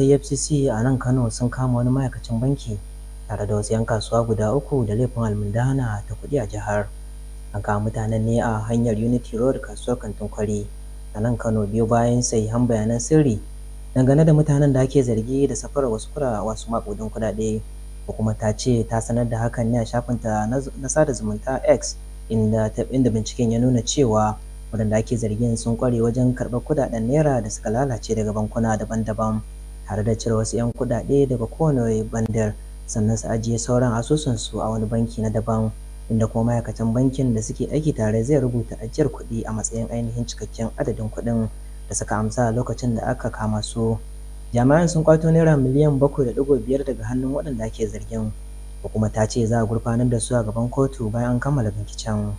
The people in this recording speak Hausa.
FCC a nan kano sun kama wani ma'aikacin banki tare da wasu 'yan kasuwa guda uku da laifin almundana ta kuɗi a jihar an kama mutanen ne a hanyar unity road kasuwar kantin kwari a nan kano biyu bayan han bayanan sirri dangane da mutanen da ake zargi da safarar wasu kura wasu maƙudan kudade, Hukumar ta ce ta sanar da hakan ne a shafinta na sada zumunta x inda inda binciken ya nuna cewa waɗanda ake zargin sun kware wajen karɓar kudaden naira da suka lalace daga bankuna daban-daban tare da cire wasu 'yan kuɗaɗe daga kowane bandar sannan su ajiye sauran asusun su a wani banki na daban inda kuma ma'aikatan bankin da suke aiki tare zai rubuta ajiyar kuɗi a matsayin ainihin cikakken adadin kuɗin da suka amsa a lokacin da aka kama su jami'an sun kwato naira miliyan bakwai da ɗigo biyar daga hannun waɗanda ake zargin hukuma ta ce za a gurfanar da su a gaban kotu bayan an kammala binciken.